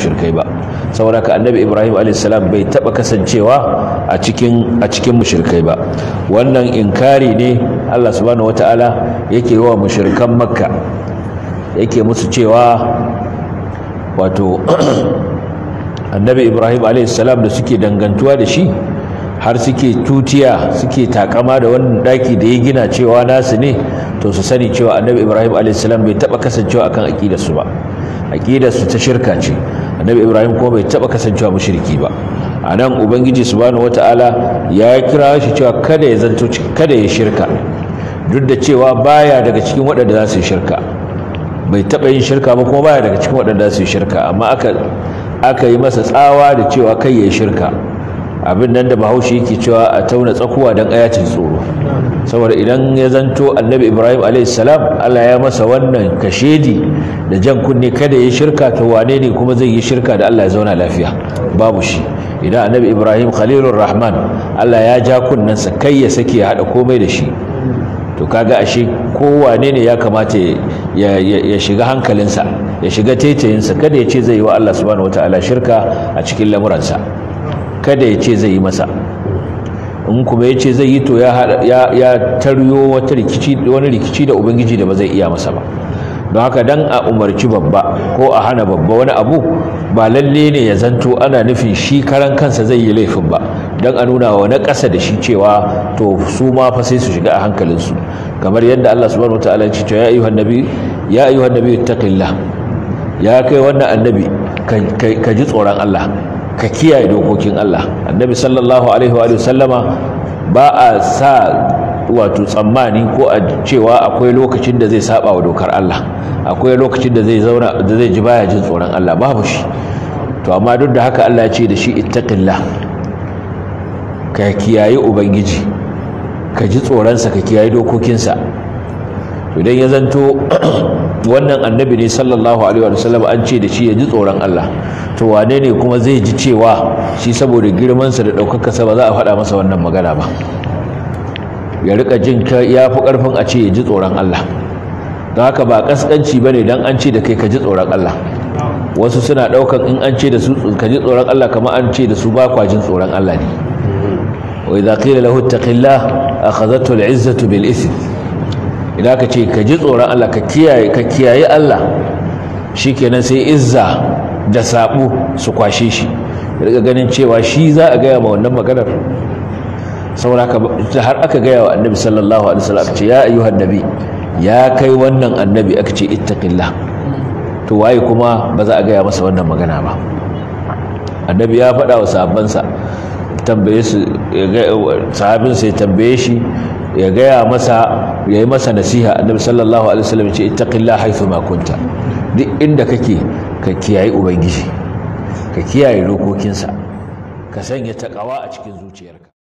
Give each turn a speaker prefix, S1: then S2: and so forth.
S1: mushrikai ba saboda ka annabi ibrahim alaihissalam bai taba kasancewa a cikin a ba wannan inkari ne allah subhanahu wataala yake wa mushrikan makka yake musu cewa wato annabi ibrahim alaihissalam da suke dangantuwa da shi har suke tutiya suke takama da wannan daki da ya gina cewa nasu ne to su sani cewa annabi ibrahim a.s. bai taba kasancewa akan kan ba aqidarsu ta shirka ce annabi ibrahim kuma bai taba kasancewa mushriki ba anan ubangiji subhanahu wataala ya kira shi cewa kada ya zanto kada ya shirka duk da cewa baya daga cikin waɗanda za su yi shirka bai taba yin shirka ba kuma baya daga cikin waɗanda za su yi shirka amma aka aka yi masa tsawa da cewa kai ya shirka abin nan da bahaushe yake cewa a tauna tsakuwa don ayacin tsoro saboda idan ya zanto annabi ibrahim a.s. allah ya masa wannan kashedi da jan kunne kada ya shirka to wane ne kuma zai yi shirka da allah ya zauna lafiya babu shi idan annabi ibrahim khalilur rahman allah ya ja kunnensa kai ya sake ya haɗa komai da shi to kaga ashe kowane ne ya kamata ya shiga hankalinsa ya shiga taitayinsa kada ya ce zai yi wa Allah subhanahu wataala shirka a cikin lamuransa kada ya ce zai yi masa in kuma ya ce zai yi to ya taryo wani rikici da ubangiji da ba zai iya masa ba don haka dan a umarci babba ko a hana babba wani abu ba lalle ne ya zanto ana nufin shi karan kansa zai yi laifin ba don a nuna wa na ƙasa da shi cewa to su ma fa sai su shiga a hankalinsu kamar yadda Allah subhanahu wataala ya ce ya ayyuhan nabi ya ayyuhan nabi ya kai wannan annabi ka ji tsoron Allah ka kiyaye dokokin Allah annabi sallallahu alaihi wa sallama ba a sa wato tsammani ko a cewa akwai lokacin da zai saba wa dokar Allah akwai lokacin da zai zauna da zai ji baya jin tsoron Allah babu shi to amma duk da haka Allah ya ce da shi ittaqillah ka kiyaye ubangiji ka ji tsoron sa, ka kiyaye sa, to dan ya zanto wannan annabi ne sallallahu alaihi wa sallam an ce da shi ya ji tsoron Allah to wane ne kuma zai ji cewa shi saboda girman sa da kasa ba za a faɗa masa wannan magana ba ya rika jin ya fi ƙarfin a ce ya ji tsoron Allah don haka ba kaskanci ba ne don an ce da kai ka ji tsoron Allah wasu suna daukar in an ce da su ka ji tsoron Allah kamar an ce da su ba kwa jin tsoron Allah ne wa idza qila lahu ittaqillah akhadhatu al'izzatu bil ithm idan ka ce ka ji tsoron Allah ka kiyaye ka kiyaye Allah shikenan sai izza da saɓo su kwashe shi daga ganin cewa shi za a gaya ma wannan maganar saboda har aka gaya wa annabi sallallahu alaihi wasallam ce ya ayyuhan ya kai wannan annabi aka ce ittaqillah to waye kuma ba za a gaya masa wannan magana ba annabi ya faɗa wa sahabbansa tambaye su sahabin sai tambaye shi ya gaya masa ya yi masa nasiha annabi sallallahu alaihi wasallam ya ce ittaqillah haythu ma kunta duk inda kake ka kiyaye ubangiji ka kiyaye dokokinsa ka sanya takawa a cikin zuciyarka